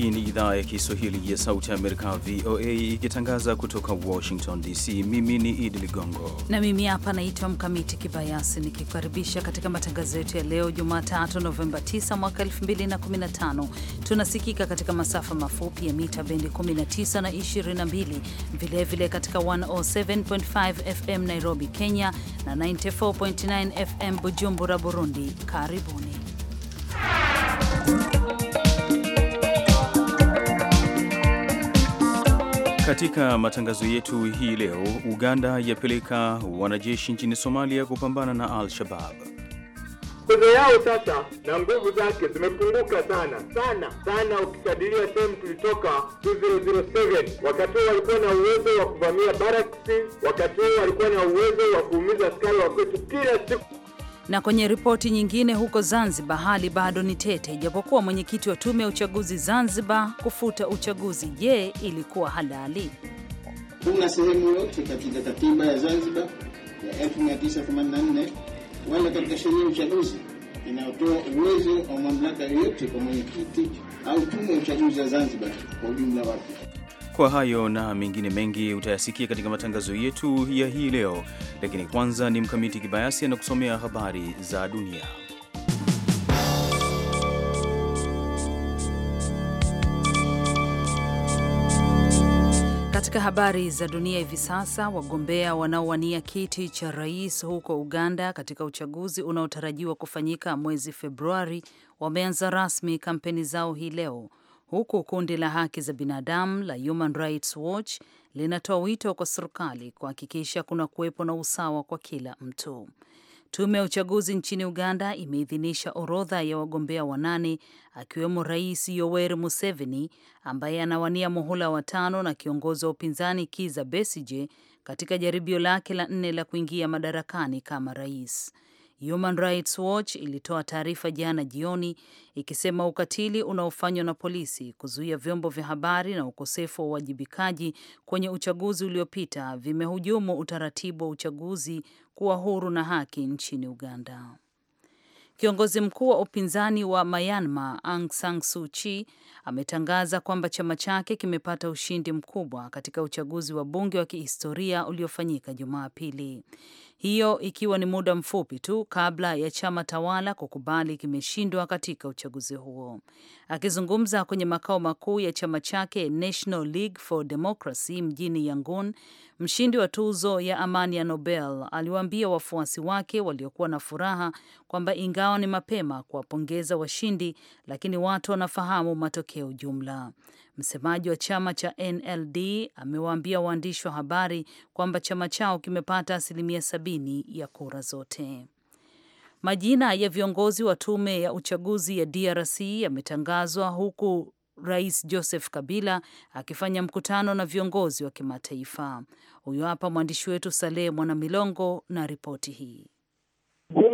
Hii ni idhaa ya Kiswahili ya Sauti ya Amerika, VOA, ikitangaza kutoka Washington DC. Mimi ni Idi Ligongo na mimi hapa naitwa Mkamiti Kibayasi, nikikaribisha katika matangazo yetu ya leo Jumatatu Novemba 9 mwaka 2015. Tunasikika katika masafa mafupi ya mita bendi 19 na 22, vilevile katika 107.5 FM Nairobi, Kenya na 94.9 FM Bujumbura, Burundi. Karibuni. Katika matangazo yetu hii leo, Uganda yapeleka wanajeshi nchini Somalia kupambana na Al-Shabab. Nguvu yao sasa na nguvu zake zimepunguka sana sana sana, ukikadiria sehemu tulitoka 2007 wakati huo walikuwa na uwezo wa kuvamia baraksi, wakati huo walikuwa na uwezo wa kuumiza askari wa kwetu kila siku. Na kwenye ripoti nyingine, huko Zanzibar hali bado ni tete, ijapokuwa mwenyekiti wa tume ya uchaguzi Zanzibar kufuta uchaguzi. Je, ilikuwa halali? Kuna sehemu yote katika katiba ya Zanzibar ya 1984 wala katika sheria ya uchaguzi inayotoa uwezo wa mamlaka yoyote kwa mwenyekiti au tume ya uchaguzi wa Zanzibar kwa ujumla wake kwa hayo na mengine mengi utayasikia katika matangazo yetu ya hii leo, lakini kwanza ni Mkamiti Kibayasi anakusomea habari za dunia. Katika habari za dunia hivi sasa, wagombea wanaowania kiti cha rais huko Uganda katika uchaguzi unaotarajiwa kufanyika mwezi Februari wameanza rasmi kampeni zao hii leo huku kundi la haki za binadamu la Human Rights Watch linatoa wito kwa serikali kuhakikisha kuna kuwepo na usawa kwa kila mtu. Tume ya uchaguzi nchini Uganda imeidhinisha orodha ya wagombea wanane akiwemo Rais Yoweri Museveni ambaye anawania muhula wa tano na kiongozi wa upinzani Kiza Besije katika jaribio lake la nne la kuingia madarakani kama rais. Human Rights Watch ilitoa taarifa jana jioni ikisema ukatili unaofanywa na polisi kuzuia vyombo vya habari na ukosefu wa uwajibikaji kwenye uchaguzi uliopita vimehujumu utaratibu wa uchaguzi kuwa huru na haki nchini Uganda. Kiongozi mkuu wa upinzani wa Myanmar Aung San Suu Kyi ametangaza kwamba chama chake kimepata ushindi mkubwa katika uchaguzi wa bunge wa kihistoria uliofanyika Jumapili hiyo ikiwa ni muda mfupi tu kabla ya chama tawala kukubali kimeshindwa katika uchaguzi huo. Akizungumza kwenye makao makuu ya chama chake National League for Democracy mjini Yangon, mshindi wa tuzo ya amani ya Nobel aliwaambia wafuasi wake waliokuwa na furaha kwamba ingawa ni mapema kuwapongeza washindi, lakini watu wanafahamu matokeo jumla. Msemaji wa chama cha NLD amewaambia waandishi wa habari kwamba chama chao kimepata asilimia sabini ya kura zote. Majina ya viongozi wa tume ya uchaguzi ya DRC yametangazwa huku Rais Joseph Kabila akifanya mkutano na viongozi wa kimataifa. Huyo hapa mwandishi wetu Saleh Mwanamilongo na ripoti hii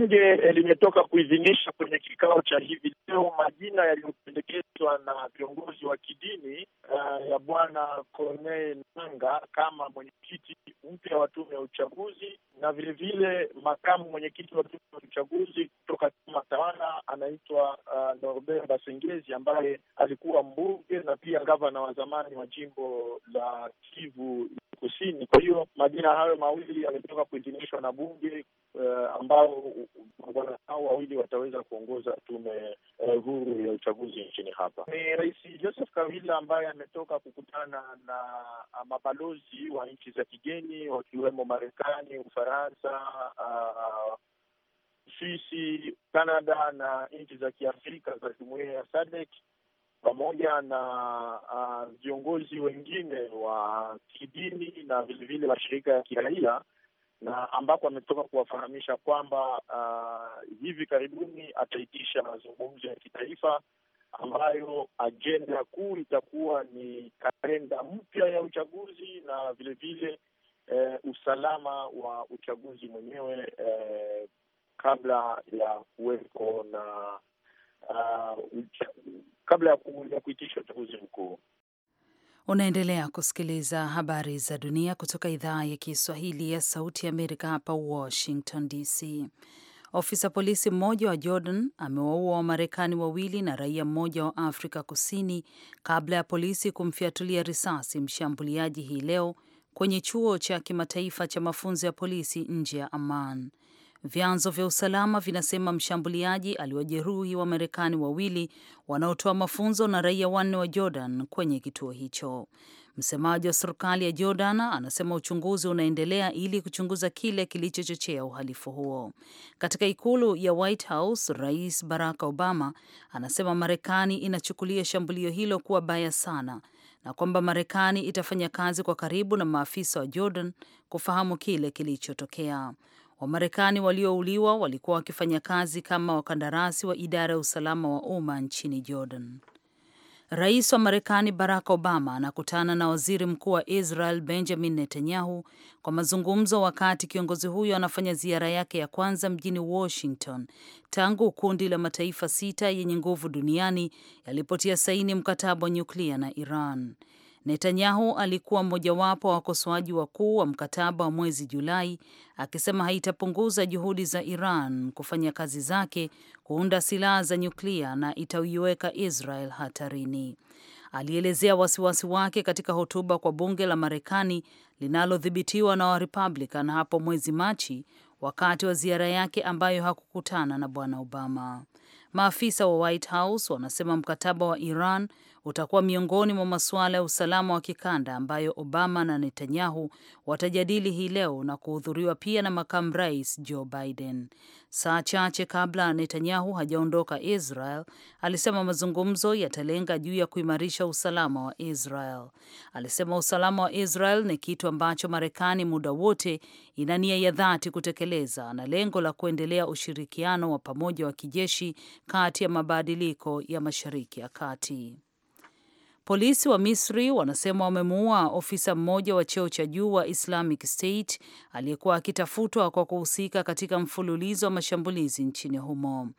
bunge eh, limetoka kuidhinisha kwenye kikao cha hivi leo majina yaliyopendekezwa na viongozi wa kidini uh, ya bwana Corneille nanga kama mwenyekiti mpya wa tume ya uchaguzi na vilevile makamu mwenyekiti wa tume ya uchaguzi kutoka chama tawala anaitwa uh, Norbert Basengezi ambaye alikuwa mbunge na pia gavana wa zamani wa jimbo la Kivu Kusini. Kwa hiyo majina hayo mawili yametoka kuidhinishwa na bunge uh, ambao bwana hao wawili wataweza kuongoza tume uh, huru ya uchaguzi nchini hapa. Ni Rais Joseph Kabila ambaye ametoka kukutana na ah, mabalozi wa nchi za kigeni wakiwemo Marekani, Ufaransa, uh, ah, Swisi, Kanada na nchi za Kiafrika za jumuiya ya SADC pamoja na ah, viongozi wengine wa kidini na vilevile mashirika ya kiraia na ambako ametoka kuwafahamisha kwamba uh, hivi karibuni ataitisha mazungumzo ya kitaifa ambayo ajenda kuu itakuwa ni kalenda mpya ya uchaguzi na vilevile vile, eh, usalama wa uchaguzi mwenyewe eh, kabla ya kuweko na uh, kabla ya kuitisha uchaguzi mkuu. Unaendelea kusikiliza habari za dunia kutoka idhaa ya Kiswahili ya Sauti ya Amerika hapa Washington DC. Ofisa polisi mmoja wa Jordan amewaua Wamarekani wawili na raia mmoja wa Afrika Kusini kabla ya polisi kumfiatulia risasi mshambuliaji hii leo kwenye chuo cha kimataifa cha mafunzo ya polisi nje ya Amman. Vyanzo vya usalama vinasema mshambuliaji aliwajeruhi wa Marekani wawili wanaotoa mafunzo na raia wanne wa Jordan kwenye kituo hicho. Msemaji wa serikali ya Jordan anasema uchunguzi unaendelea ili kuchunguza kile kilichochochea uhalifu huo. Katika ikulu ya White House, Rais Barack Obama anasema Marekani inachukulia shambulio hilo kuwa baya sana na kwamba Marekani itafanya kazi kwa karibu na maafisa wa Jordan kufahamu kile kilichotokea. Wamarekani waliouliwa walikuwa wakifanya kazi kama wakandarasi wa idara ya usalama wa umma nchini Jordan. Rais wa Marekani Barack Obama anakutana na waziri mkuu wa Israel Benjamin Netanyahu kwa mazungumzo, wakati kiongozi huyo anafanya ziara yake ya kwanza mjini Washington tangu kundi la mataifa sita yenye nguvu duniani yalipotia saini mkataba wa nyuklia na Iran. Netanyahu alikuwa mmojawapo wa wakosoaji wakuu wa mkataba wa mwezi Julai, akisema haitapunguza juhudi za Iran kufanya kazi zake kuunda silaha za nyuklia na itaiweka Israel hatarini. Alielezea wasiwasi wake katika hotuba kwa bunge la Marekani linalodhibitiwa na Warepublican hapo mwezi Machi wakati wa ziara yake ambayo hakukutana na bwana Obama. Maafisa wa White House wanasema mkataba wa Iran utakuwa miongoni mwa masuala ya usalama wa kikanda ambayo Obama na Netanyahu watajadili hii leo na kuhudhuriwa pia na makamu rais Joe Biden. Saa chache kabla Netanyahu hajaondoka Israel, alisema mazungumzo yatalenga juu ya kuimarisha usalama wa Israel. Alisema usalama wa Israel ni kitu ambacho Marekani muda wote ina nia ya dhati kutekeleza na lengo la kuendelea ushirikiano wa pamoja wa kijeshi kati ya mabadiliko ya Mashariki ya Kati. Polisi wa Misri wanasema wamemuua ofisa mmoja wa cheo cha juu wa Islamic State aliyekuwa akitafutwa kwa kuhusika katika mfululizo wa mashambulizi nchini humo.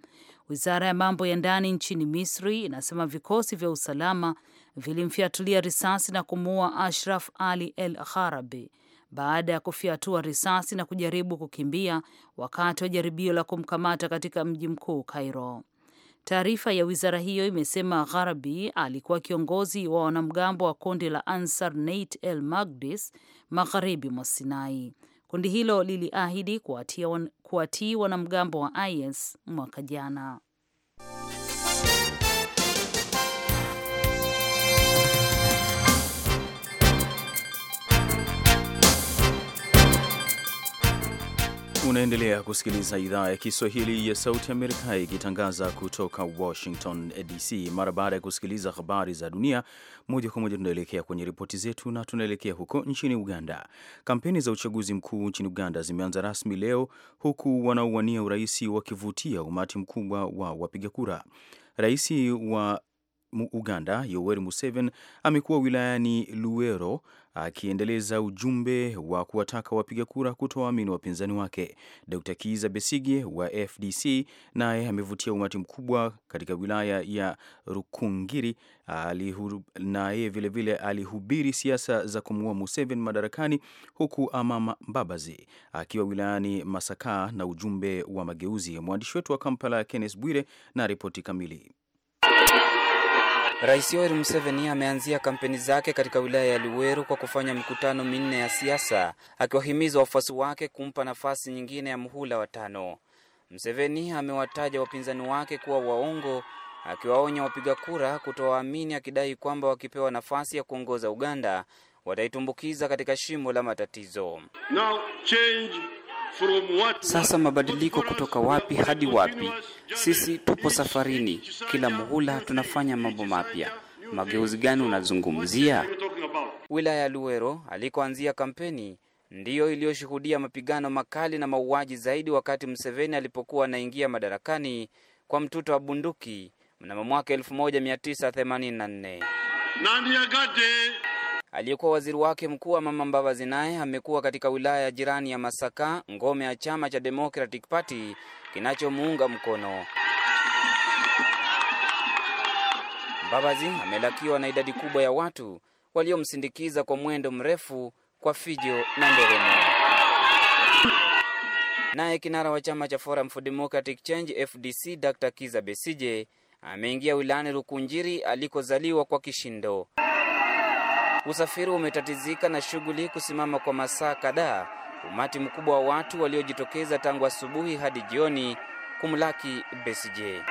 Wizara ya mambo ya ndani nchini Misri inasema vikosi vya usalama vilimfyatulia risasi na kumuua Ashraf Ali El Gharabi baada ya kufyatua risasi na kujaribu kukimbia wakati wa jaribio la kumkamata katika mji mkuu Cairo. Taarifa ya wizara hiyo imesema Gharabi alikuwa kiongozi wa wanamgambo wa kundi la Ansar nat el Magdis magharibi mwa Sinai. Kundi hilo liliahidi kuwatii wanamgambo wa IS mwaka jana. Unaendelea kusikiliza idhaa ya Kiswahili ya Sauti Amerika ikitangaza kutoka Washington DC. Mara baada ya kusikiliza habari za dunia moja kwa moja, tunaelekea kwenye ripoti zetu na tunaelekea huko nchini Uganda. Kampeni za uchaguzi mkuu nchini Uganda zimeanza rasmi leo, huku wanaowania urais wakivutia umati mkubwa wa wapiga kura. Rais wa Uganda Yoweri Museveni amekuwa wilayani Luero akiendeleza ujumbe wa kuwataka wapiga kura kutoamini wapinzani wake. Dr. Kiza Besige wa FDC naye amevutia umati mkubwa katika wilaya ya Rukungiri, naye vilevile alihubiri siasa za kumuua Museveni madarakani, huku Amama Mbabazi akiwa wilayani Masaka na ujumbe wa mageuzi. Mwandishi wetu wa Kampala Kenneth Bwire na ripoti kamili. Rais Yoweri Museveni ameanzia kampeni zake katika wilaya ya Luweru kwa kufanya mikutano minne ya siasa akiwahimiza wafuasi wake kumpa nafasi nyingine ya muhula wa tano. Museveni amewataja wapinzani wake kuwa waongo, akiwaonya wapiga kura kutowaamini, akidai kwamba wakipewa nafasi ya kuongoza Uganda wataitumbukiza katika shimo la matatizo. Now change sasa mabadiliko kutoka wapi hadi wapi? Sisi tupo safarini, kila muhula tunafanya mambo mapya. Mageuzi gani unazungumzia? Wilaya ya Luero alikoanzia kampeni ndiyo iliyoshuhudia mapigano makali na mauaji zaidi wakati Mseveni alipokuwa anaingia madarakani kwa mtuto wa bunduki mnamo mwaka 1984. Aliyekuwa waziri wake mkuu mama Mbabazi naye amekuwa katika wilaya ya jirani ya Masaka, ngome ya chama cha Democratic Party kinachomuunga mkono. Mbabazi amelakiwa na idadi kubwa ya watu waliomsindikiza kwa mwendo mrefu kwa fijo na nderemo. Naye kinara wa chama cha Forum for Democratic Change FDC Dr. Kiza Besije ameingia wilayani Rukunjiri alikozaliwa kwa kishindo. Usafiri umetatizika na shughuli kusimama kwa masaa kadhaa, umati mkubwa wa watu waliojitokeza tangu asubuhi hadi jioni kumlaki Besigye.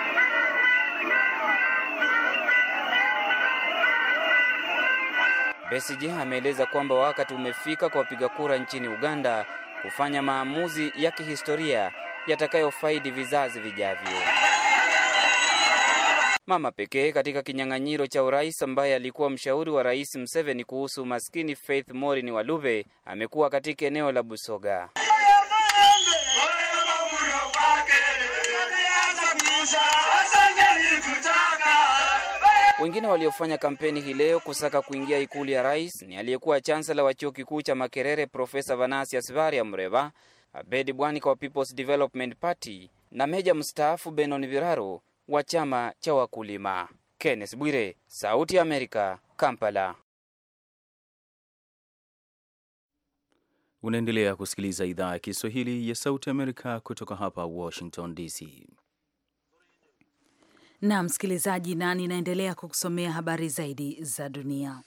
Besigye ameeleza kwamba wakati umefika kwa wapiga kura nchini Uganda kufanya maamuzi ya kihistoria yatakayofaidi vizazi vijavyo. Mama pekee katika kinyang'anyiro cha urais ambaye alikuwa mshauri wa Rais mseveni kuhusu umaskini, Faith Morin Walube, amekuwa katika eneo la Busoga. Wengine waliofanya kampeni hii leo kusaka kuingia ikulu ya rais ni aliyekuwa chansela wa chuo kikuu cha Makerere Profesa Vanasius Mreva, Abedi Bwanika wa People's Development Party na meja mstaafu Benon Viraro wa chama cha wakulima. Kenneth Bwire, Sauti ya Amerika, Kampala. Unaendelea kusikiliza idhaa ya Kiswahili ya Sauti Amerika kutoka hapa Washington DC. Na msikilizaji, na ninaendelea kukusomea habari zaidi za dunia.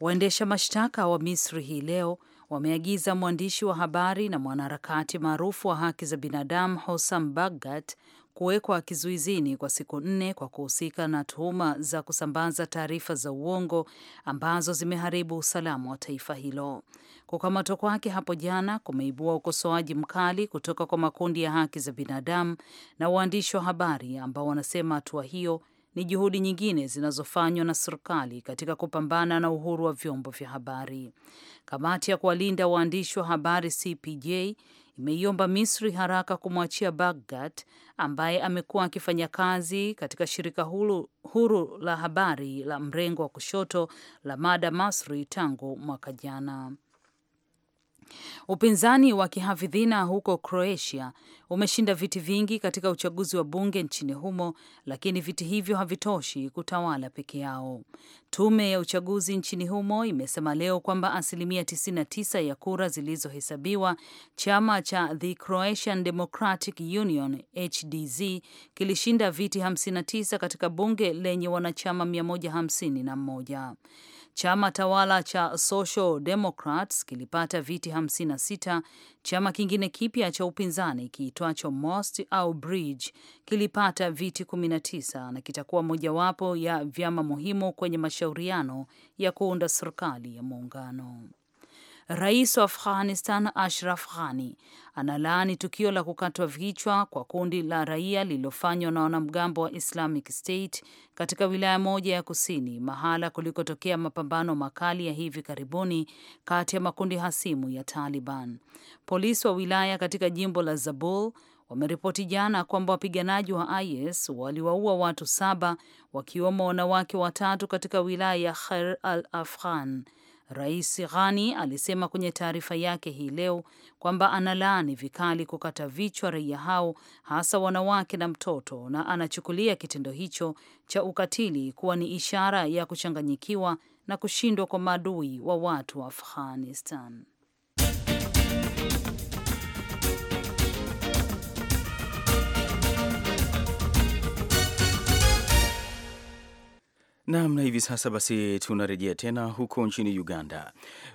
Waendesha mashtaka wa Misri hii leo wameagiza mwandishi wa habari na mwanaharakati maarufu wa haki za binadamu Hossam Bagat kuwekwa kizuizini kwa siku nne kwa kuhusika na tuhuma za kusambaza taarifa za uongo ambazo zimeharibu usalama wa taifa hilo. Kukamatwa kwake hapo jana kumeibua ukosoaji mkali kutoka kwa makundi ya haki za binadamu na waandishi wa habari ambao wanasema hatua hiyo ni juhudi nyingine zinazofanywa na serikali katika kupambana na uhuru wa vyombo vya habari. Kamati ya kuwalinda waandishi wa habari CPJ imeiomba Misri haraka kumwachia Baggat ambaye amekuwa akifanya kazi katika shirika huru, huru la habari la mrengo wa kushoto la Mada Masri tangu mwaka jana. Upinzani wa kihafidhina huko Croatia umeshinda viti vingi katika uchaguzi wa bunge nchini humo, lakini viti hivyo havitoshi kutawala peke yao. Tume ya uchaguzi nchini humo imesema leo kwamba asilimia 99 ya kura zilizohesabiwa, chama cha The Croatian Democratic Union HDZ kilishinda viti 59 katika bunge lenye wanachama 151. Chama tawala cha Social Democrats kilipata viti 56. Chama kingine kipya cha upinzani kiitwacho Most au Bridge kilipata viti 19 na kitakuwa mojawapo ya vyama muhimu kwenye mashauriano ya kuunda serikali ya muungano. Rais wa Afghanistan Ashraf Ghani analaani tukio la kukatwa vichwa kwa kundi la raia lililofanywa na wanamgambo wa Islamic State katika wilaya moja ya kusini, mahala kulikotokea mapambano makali ya hivi karibuni kati ya makundi hasimu ya Taliban. Polisi wa wilaya katika jimbo la Zabul wameripoti jana kwamba wapiganaji wa IS waliwaua watu saba wakiwemo wanawake watatu katika wilaya ya Khair al Afghan. Rais Ghani alisema kwenye taarifa yake hii leo kwamba analaani vikali kukata vichwa raia hao, hasa wanawake na mtoto, na anachukulia kitendo hicho cha ukatili kuwa ni ishara ya kuchanganyikiwa na kushindwa kwa maadui wa watu wa Afghanistan. Naam, na hivi sasa basi tunarejea tena huko nchini Uganda.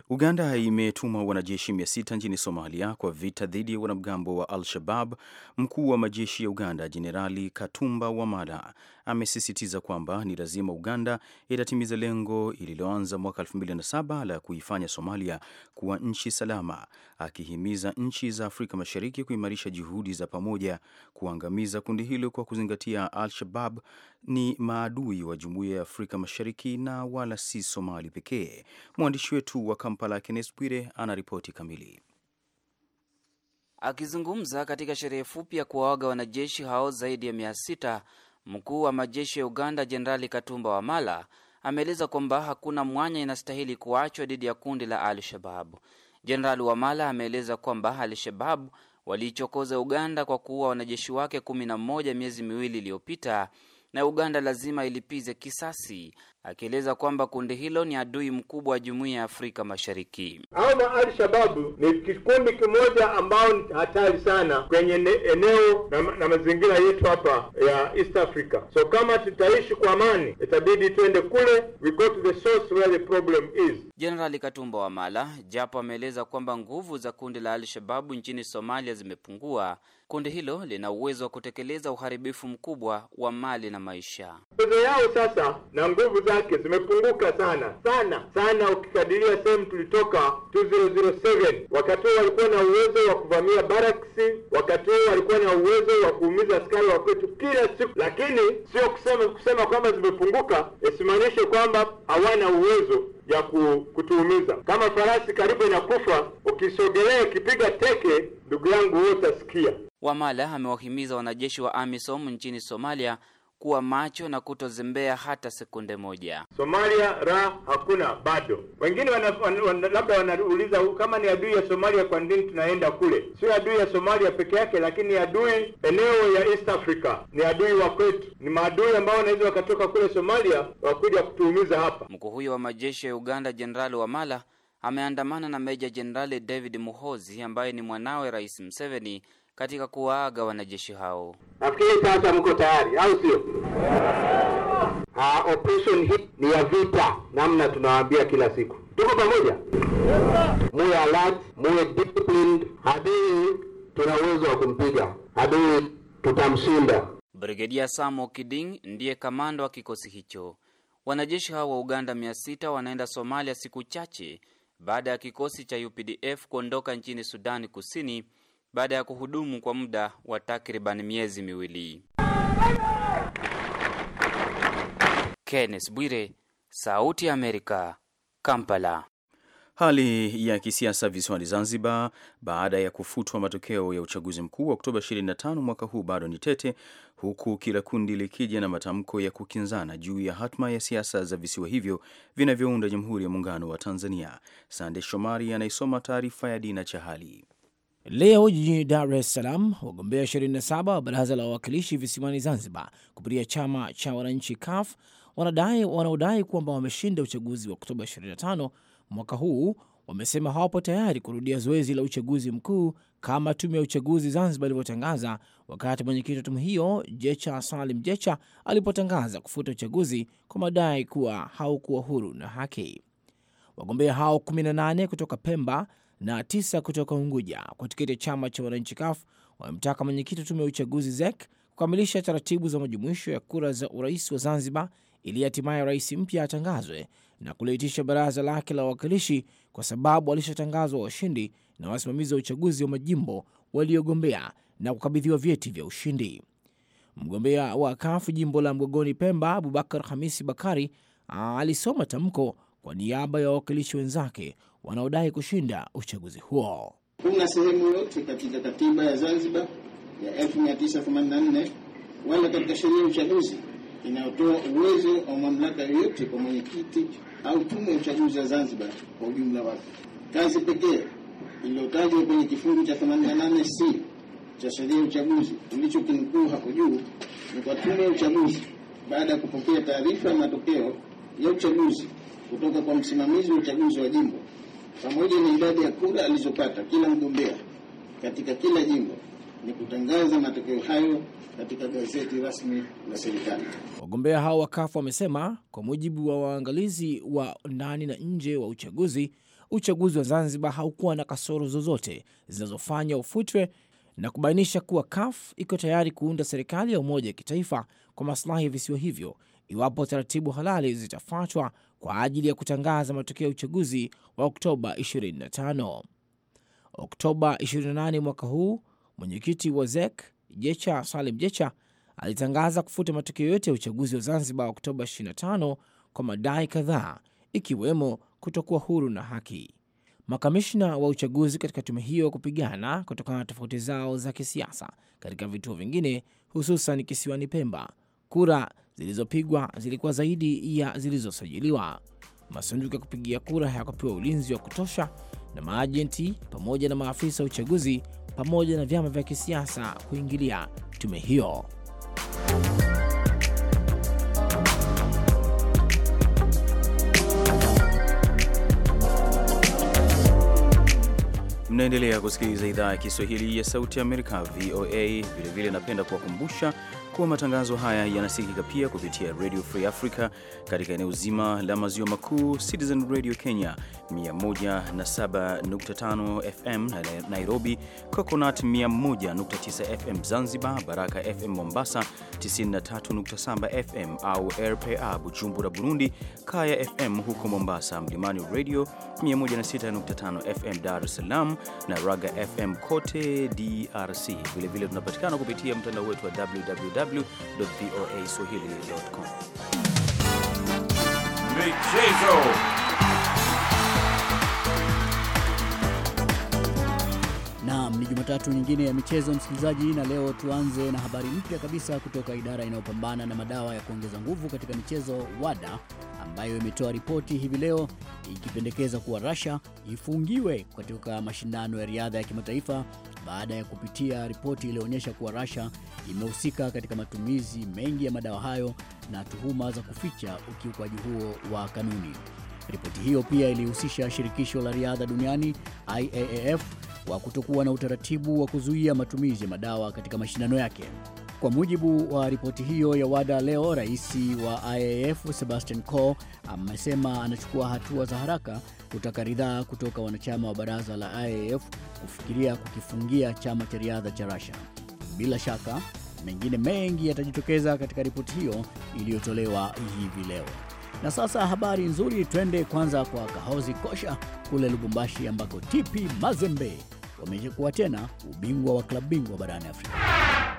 Uganda imetuma wanajeshi mia sita nchini Somalia kwa vita dhidi ya wanamgambo wa Al-Shabab. Mkuu wa majeshi ya Uganda Jenerali Katumba Wamala amesisitiza kwamba ni lazima Uganda itatimiza lengo ililoanza mwaka 2007 la kuifanya Somalia kuwa nchi salama, akihimiza nchi za Afrika Mashariki kuimarisha juhudi za pamoja kuangamiza kundi hilo kwa kuzingatia Al-Shabab ni maadui wa Jumuiya ya Afrika Mashariki na wala si Somali pekee. Mwandishi wetu wa Kampala Kenneth Bwire anaripoti kamili. Akizungumza katika sherehe fupi ya kuwaaga wanajeshi hao zaidi ya mia sita Mkuu wa majeshi ya Uganda Jenerali Katumba Wamala ameeleza kwamba hakuna mwanya inastahili kuachwa dhidi ya kundi la Al Shababu. Jenerali Wamala ameeleza kwamba Al Shababu waliichokoza Uganda kwa kuua wanajeshi wake kumi na mmoja miezi miwili iliyopita na Uganda lazima ilipize kisasi, akieleza kwamba kundi hilo ni adui mkubwa wa jumuiya ya Afrika Mashariki. na Al-Shababu ni kikundi kimoja ambao ni hatari sana kwenye eneo na, na mazingira yetu hapa ya East Africa. So kama tutaishi kwa amani, itabidi tuende kule, we go to the source where the problem is. Jenerali Katumba Wamala japo ameeleza kwamba nguvu za kundi la Al-Shababu nchini Somalia zimepungua, kundi hilo lina uwezo wa kutekeleza uharibifu mkubwa wa mali na maisha. Pesa yao sasa na nguvu zake zimepunguka sana sana sana, ukikadiria sehemu tulitoka 2007 wakati huo walikuwa na uwezo wa kuvamia barracks, wakati huo walikuwa na uwezo wa kuumiza askari wa kwetu kila siku, lakini sio kusema kusema kwamba zimepunguka isimaanishe kwamba hawana uwezo ya kutuumiza. Kama farasi karibu inakufa, ukisogelea ukipiga teke, ndugu yangu, wewe utasikia. Wamala amewahimiza wanajeshi wa AMISOM nchini Somalia kuwa macho na kutozembea hata sekunde moja. Somalia raha hakuna bado. Wengine wana, wana, labda wanauliza kama ni adui ya Somalia, kwa nini tunaenda kule? Sio adui ya Somalia peke yake, lakini adui eneo ya East Africa, ni adui wa kwetu, ni maadui ambao wanaweza wakatoka kule Somalia wakuja kutuumiza hapa. Mkuu huyo wa majeshi ya Uganda Jenerali Wamala ameandamana na Meja Jenerali David Muhozi ambaye ni mwanawe Rais Museveni katika kuwaaga wanajeshi hao. Nafikiri sasa mko tayari, au sio? operation hii ni ya vita, namna tunawaambia kila siku. Tuko pamoja, muwe alert, muwe disciplined. Adui tuna uwezo wa kumpiga adui, tutamshinda. Brigedia Sam Okiding ndiye kamanda wa kikosi hicho. Wanajeshi hao wa Uganda 600 wanaenda Somalia siku chache baada ya kikosi cha UPDF kuondoka nchini Sudani Kusini baada ya kuhudumu kwa muda wa takriban miezi miwili. Kenneth Bwire, Sauti ya Amerika, Kampala. Hali ya kisiasa visiwani Zanzibar baada ya kufutwa matokeo ya uchaguzi mkuu wa Oktoba 25 mwaka huu bado ni tete, huku kila kundi likija na matamko ya kukinzana juu ya hatma ya siasa za visiwa hivyo vinavyounda Jamhuri ya Muungano wa Tanzania. Sande Shomari anayesoma taarifa ya Dina Chahali. Leo jijini Dar es Salaam, wagombea 27 wa baraza la wawakilishi visiwani Zanzibar kupitia chama cha wananchi CUF wanadai wanaodai kwamba wameshinda uchaguzi wa Oktoba 25 mwaka huu wamesema hawapo tayari kurudia zoezi la uchaguzi mkuu kama tume ya uchaguzi Zanzibar ilivyotangaza wakati mwenyekiti wa tume hiyo Jecha Salim Jecha alipotangaza kufuta uchaguzi kwa madai kuwa haukuwa huru na haki. Wagombea hao 18 kutoka Pemba, na tisa kutoka Unguja kwa tiketi ya chama cha wananchi KAF wamemtaka mwenyekiti wa tume ya uchaguzi ZEK kukamilisha taratibu za majumuisho ya kura za urais wa Zanzibar ili hatimaye rais mpya atangazwe na kuliitisha baraza lake la wawakilishi kwa sababu alishatangazwa washindi na wasimamizi wa uchaguzi wa majimbo waliogombea na kukabidhiwa vyeti vya ushindi. Mgombea wa KAFU jimbo la Mgogoni Pemba, Abubakar Hamisi Bakari alisoma tamko kwa niaba ya wawakilishi wenzake wanaodai kushinda uchaguzi huo. Kuna sehemu yote katika katiba ya Zanzibar ya 1984 wala katika sheria ya uchaguzi inayotoa uwezo wa mamlaka yoyote kwa mwenyekiti au tume ya uchaguzi wa Zanzibar kwa ujumla wake. Kazi pekee iliyotajwa kwenye kifungu cha 88c cha sheria ya uchaguzi tulichokinukuu hapo juu ni kwa tume ya uchaguzi, baada ya kupokea taarifa ya matokeo ya uchaguzi kutoka kwa msimamizi wa uchaguzi wa jimbo pamoja na idadi ya kura alizopata kila mgombea katika kila jimbo ni kutangaza matokeo hayo katika gazeti rasmi la serikali. Wagombea hao wa kafu wamesema kwa mujibu wa waangalizi wa ndani na nje wa uchaguzi, uchaguzi wa Zanzibar haukuwa na kasoro zozote zinazofanya ufutwe na kubainisha kuwa CAF iko tayari kuunda serikali ya umoja wa kitaifa kwa maslahi ya visiwa hivyo iwapo taratibu halali zitafuatwa kwa ajili ya kutangaza matokeo ya uchaguzi wa Oktoba 25. Oktoba 28 mwaka huu, mwenyekiti wa ZEK Jecha Salim Jecha alitangaza kufuta matokeo yote ya uchaguzi wa Zanzibar wa Oktoba 25 kwa madai kadhaa ikiwemo kutokuwa huru na haki. Makamishna wa uchaguzi katika tume hiyo kupigana kutokana na tofauti zao za kisiasa katika vituo vingine, hususan kisiwani Pemba, kura zilizopigwa zilikuwa zaidi ya zilizosajiliwa. Masanduku ya kupigia kura hayakupewa ulinzi wa kutosha, na maajenti pamoja na maafisa wa uchaguzi pamoja na vyama vya kisiasa kuingilia tume hiyo. Mnaendelea kusikiliza idhaa ya Kiswahili ya Sauti ya Amerika, VOA. Vilevile napenda kuwakumbusha kuwa matangazo haya yanasikika pia kupitia Radio Free Africa katika eneo zima la maziwa makuu, Citizen Radio Kenya 107.5 FM Nairobi, Coconut 101.9 FM Zanzibar, Baraka FM Mombasa 93.7 FM au RPA Bujumbura, Burundi, Kaya FM huko Mombasa, Mlimani Radio 106.5 FM Dar es Salaam na Raga FM kote DRC. Vilevile tunapatikana kupitia mtandao wetu wa www www.voaswahili.com. Michezo Ni Jumatatu nyingine ya michezo, msikilizaji, na leo tuanze na habari mpya kabisa kutoka idara inayopambana na madawa ya kuongeza nguvu katika michezo WADA, ambayo imetoa ripoti hivi leo ikipendekeza kuwa Russia ifungiwe katika mashindano ya riadha ya kimataifa baada ya kupitia ripoti iliyoonyesha kuwa Russia imehusika katika matumizi mengi ya madawa hayo na tuhuma za kuficha ukiukwaji huo wa kanuni. Ripoti hiyo pia ilihusisha shirikisho la riadha duniani IAAF kwa kutokuwa na utaratibu wa kuzuia matumizi ya madawa katika mashindano yake. Kwa mujibu wa ripoti hiyo ya WADA leo, rais wa IAAF Sebastian Coe amesema anachukua hatua za haraka kutaka ridhaa kutoka wanachama wa baraza la IAAF kufikiria kukifungia chama cha riadha cha Russia. Bila shaka mengine mengi yatajitokeza katika ripoti hiyo iliyotolewa hivi leo. Na sasa habari nzuri, twende kwanza kwa Kahozi Kosha kule Lubumbashi, ambako TP Mazembe wamechukua tena ubingwa wa klabu bingwa barani Afrika.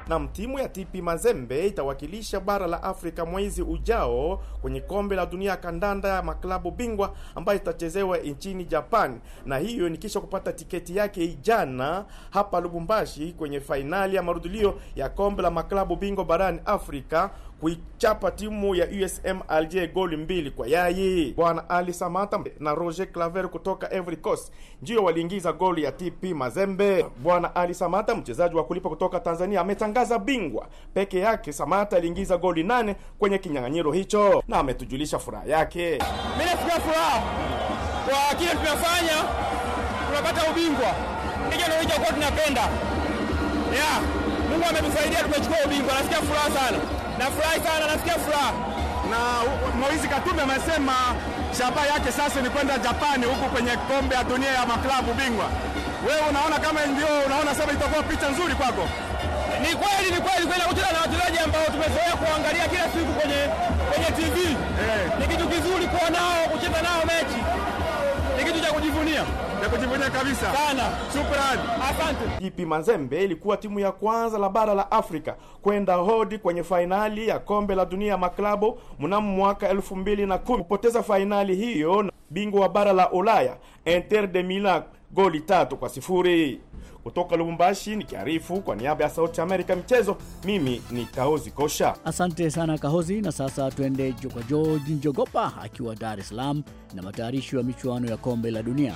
Nam, timu ya TP Mazembe itawakilisha bara la Afrika mwezi ujao kwenye kombe la dunia ya kandanda ya maklabu bingwa ambayo itachezewa nchini Japan, na hiyo ni kisha kupata tiketi yake ijana hapa Lubumbashi kwenye fainali ya marudulio ya kombe la maklabu bingwa barani Afrika kuichapa timu ya USM Alger goli mbili kwa yai Bwana Ali Samata na Roger Claver kutoka Every Coast ndio waliingiza goli ya TP Mazembe. Bwana Ali Samata, mchezaji wa kulipa kutoka Tanzania, ametangaza bingwa peke yake. Samata aliingiza goli nane kwenye kinyang'anyiro hicho na ametujulisha furaha yake. Mimi furaha kwa kile tunafanya, tunapata ubingwa tunapenda. Yeah, Mungu ametusaidia, tumechukua ubingwa, nasikia furaha sana. Nafurahi sana, nasikia furaha na Moizi Katumbi amesema shabaha yake sasa ni kwenda Japani huku kwenye kombe ya dunia ya maklabu bingwa. Wewe unaona kama ndio, unaona sasa itakuwa picha nzuri kwako? Ni kweli, ni kweli kweli, kucheza na wachezaji ambao tumezoea kuangalia kila siku kwenye kwenye TV. Hey. Eh. Ni kitu kizuri kuwa nao, kucheza nao mechi. Ni kitu cha kujivunia kujivunia kabisa sana, shukrani, asante. Jipi Mazembe ilikuwa timu ya kwanza la bara la Afrika kwenda hodi kwenye fainali ya kombe la dunia ya maklabu mnamo mwaka elfu mbili na kumi kupoteza fainali hiyo na bingwa wa bara la Ulaya Inter de Milan goli tatu kwa sifuri. Kutoka Lubumbashi nikiarifu kwa niaba ya Sauti ya Amerika michezo, mimi ni Kahozi Kosha. Asante sana Kahozi, na sasa twende kwa George Njogopa akiwa Dar es Salaam na matayarisho ya michuano ya kombe la dunia.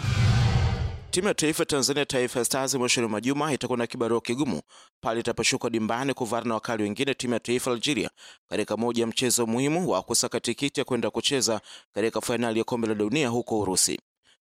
Timu ya taifa Tanzania, Taifa Stars, mwishoni mwa juma itakuwa na kibarua kigumu pale itaposhuka dimbani kuvana na wakali wengine, timu ya taifa Algeria, katika moja ya mchezo muhimu wa kusaka tikiti ya kwenda kucheza katika fainali ya kombe la dunia huko Urusi.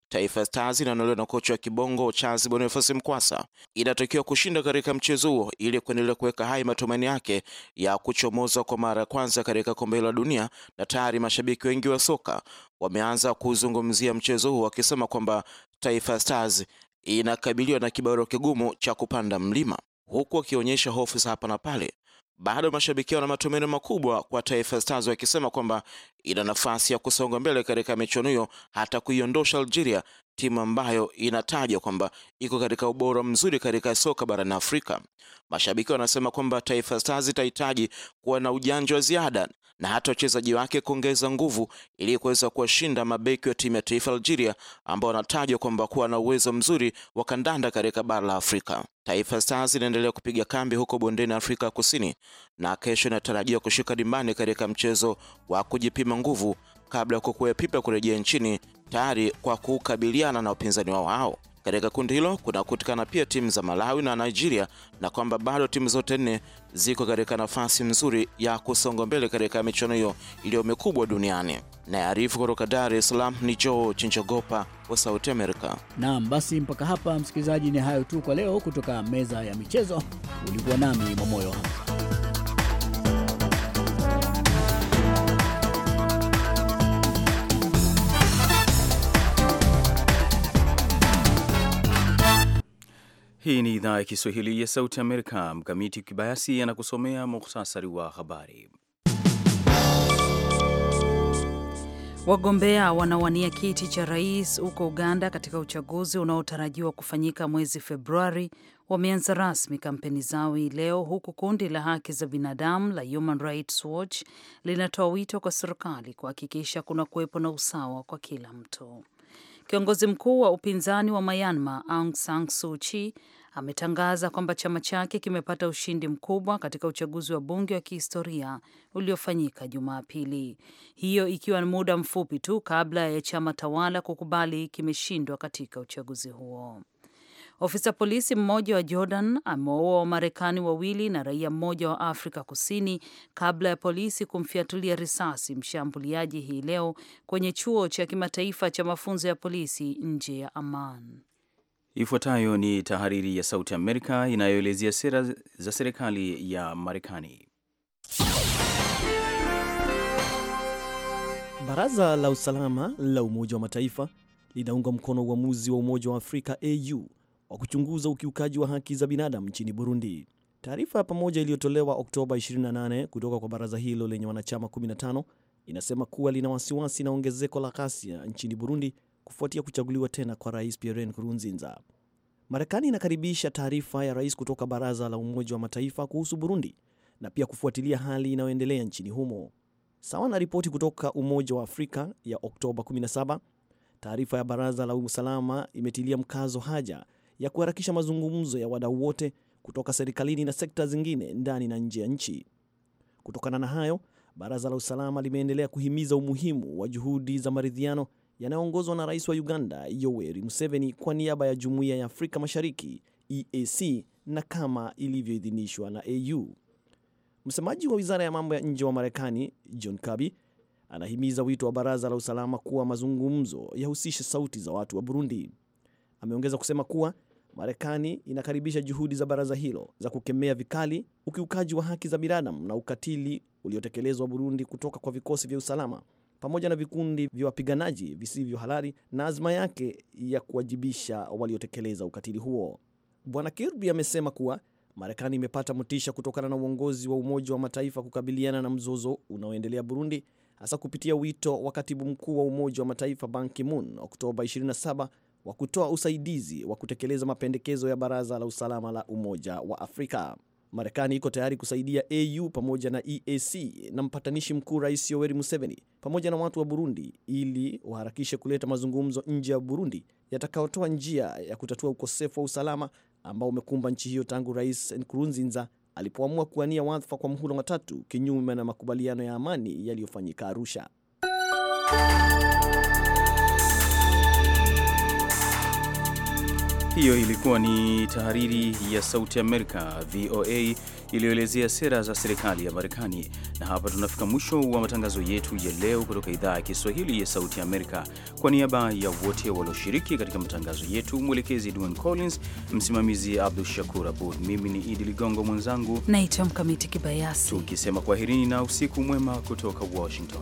Taifa Stars inaondolewa na kocha wa kibongo Charles Boniface Mkwasa, inatakiwa kushinda katika mchezo huo ili kuendelea kuweka hai matumaini yake ya kuchomoza kwa mara ya kwanza katika kombe la dunia, na tayari mashabiki wengi wa soka wameanza kuzungumzia mchezo huo wakisema kwamba Taifa Stars inakabiliwa na kibarua kigumu cha kupanda mlima, huku wakionyesha hofu za hapa na pale. Bado mashabiki wana matumaini makubwa kwa Taifa Stars, wakisema kwamba ina nafasi ya kusonga mbele katika michuano hiyo, hata kuiondosha Algeria, timu ambayo inatajwa kwamba iko katika ubora mzuri katika soka barani Afrika. Mashabiki wanasema kwamba Taifa Stars itahitaji kuwa na ujanja wa ziada na hata wachezaji wake kuongeza nguvu ili kuweza kuwashinda mabeki wa timu ya taifa Algeria ambao wanatajwa kwamba kuwa na uwezo mzuri wa kandanda katika bara la Afrika. Taifa Stars inaendelea kupiga kambi huko bondeni Afrika Kusini na kesho inatarajiwa kushuka dimbani katika mchezo wa kujipima nguvu kabla ya kukuepipa kurejea nchini tayari kwa kukabiliana na upinzani wao hao. Katika kundi hilo kunakutikana pia timu za Malawi na Nigeria, na kwamba bado timu zote nne ziko katika nafasi nzuri ya kusonga mbele katika michuano hiyo iliyo mikubwa duniani. Naarifu kutoka Dar es Salaam ni Joe Chinjogopa wa Sauti Amerika. Naam, basi mpaka hapa msikilizaji, ni hayo tu kwa leo kutoka meza ya michezo. Ulikuwa nami Momoyo. Hii ni idhaa ya Kiswahili ya Sauti Amerika. Mkamiti Kibayasi anakusomea muhtasari wa habari. Wagombea wanawania kiti cha rais huko Uganda katika uchaguzi unaotarajiwa kufanyika mwezi Februari wameanza rasmi kampeni zao hii leo, huku kundi la haki za binadamu la Human Rights Watch linatoa wito kwa serikali kuhakikisha kuna kuwepo na usawa kwa kila mtu. Kiongozi mkuu wa upinzani wa Myanmar Aung San Suu Kyi ametangaza kwamba chama chake kimepata ushindi mkubwa katika uchaguzi wa bunge wa kihistoria uliofanyika Jumapili, hiyo ikiwa ni muda mfupi tu kabla ya chama tawala kukubali kimeshindwa katika uchaguzi huo. Ofisa polisi mmoja wa Jordan amewaua Wamarekani wawili na raia mmoja wa Afrika Kusini kabla ya polisi kumfiatulia risasi mshambuliaji hii leo kwenye chuo cha kimataifa cha mafunzo ya polisi nje ya aman Ifuatayo ni tahariri ya Sauti Amerika inayoelezea sera za serikali ya Marekani. Baraza la Usalama la Umoja wa Mataifa linaunga mkono uamuzi wa Umoja wa Afrika au wa kuchunguza ukiukaji wa haki za binadamu nchini Burundi. Taarifa ya pamoja iliyotolewa Oktoba 28 kutoka kwa baraza hilo lenye wanachama 15 inasema kuwa lina wasiwasi na ongezeko la ghasia nchini Burundi kufuatia kuchaguliwa tena kwa Rais Pierre Nkurunziza. Marekani inakaribisha taarifa ya rais kutoka baraza la Umoja wa Mataifa kuhusu Burundi na pia kufuatilia hali inayoendelea nchini humo. Sawa na ripoti kutoka Umoja wa Afrika ya Oktoba 17, taarifa ya Baraza la Usalama imetilia mkazo haja ya kuharakisha mazungumzo ya wadau wote kutoka serikalini na sekta zingine ndani na nje ya nchi. Kutokana na hayo, Baraza la Usalama limeendelea kuhimiza umuhimu wa juhudi za maridhiano yanayoongozwa na Rais wa Uganda Yoweri Museveni kwa niaba ya Jumuiya ya Afrika Mashariki EAC na kama ilivyoidhinishwa na AU. Msemaji wa Wizara ya Mambo ya Nje wa Marekani John Kirby anahimiza wito wa Baraza la Usalama kuwa mazungumzo yahusishe sauti za watu wa Burundi. Ameongeza kusema kuwa Marekani inakaribisha juhudi za baraza hilo za kukemea vikali ukiukaji wa haki za binadamu na ukatili uliotekelezwa Burundi kutoka kwa vikosi vya usalama pamoja na vikundi vya wapiganaji visivyo halali na azma yake ya kuwajibisha waliotekeleza ukatili huo. Bwana Kirby amesema kuwa Marekani imepata mtisha kutokana na uongozi wa Umoja wa Mataifa kukabiliana na mzozo unaoendelea Burundi, hasa kupitia wito wa katibu mkuu wa Umoja wa Mataifa Ban Ki-moon Oktoba 27 wa kutoa usaidizi wa kutekeleza mapendekezo ya Baraza la Usalama la Umoja wa Afrika. Marekani iko tayari kusaidia AU pamoja na EAC na mpatanishi mkuu Rais Yoweri Museveni pamoja na watu wa Burundi ili waharakishe kuleta mazungumzo nje ya Burundi yatakayotoa njia ya kutatua ukosefu wa usalama ambao umekumba nchi hiyo tangu Rais Nkurunziza alipoamua kuania wadhifa kwa muhula watatu kinyume na makubaliano ya amani yaliyofanyika Arusha. Hiyo ilikuwa ni tahariri ya Sauti Amerika VOA iliyoelezea sera za serikali ya Marekani. Na hapa tunafika mwisho wa matangazo yetu ya leo kutoka idhaa ya Kiswahili ya Sauti Amerika. Kwa niaba ya wote walioshiriki katika matangazo yetu, mwelekezi Dwayne Collins, msimamizi Abdu Shakur Abud, mimi ni Idi Ligongo, mwenzangu naitwa Mkamiti Kibayasi, tukisema kwaherini na usiku mwema kutoka Washington.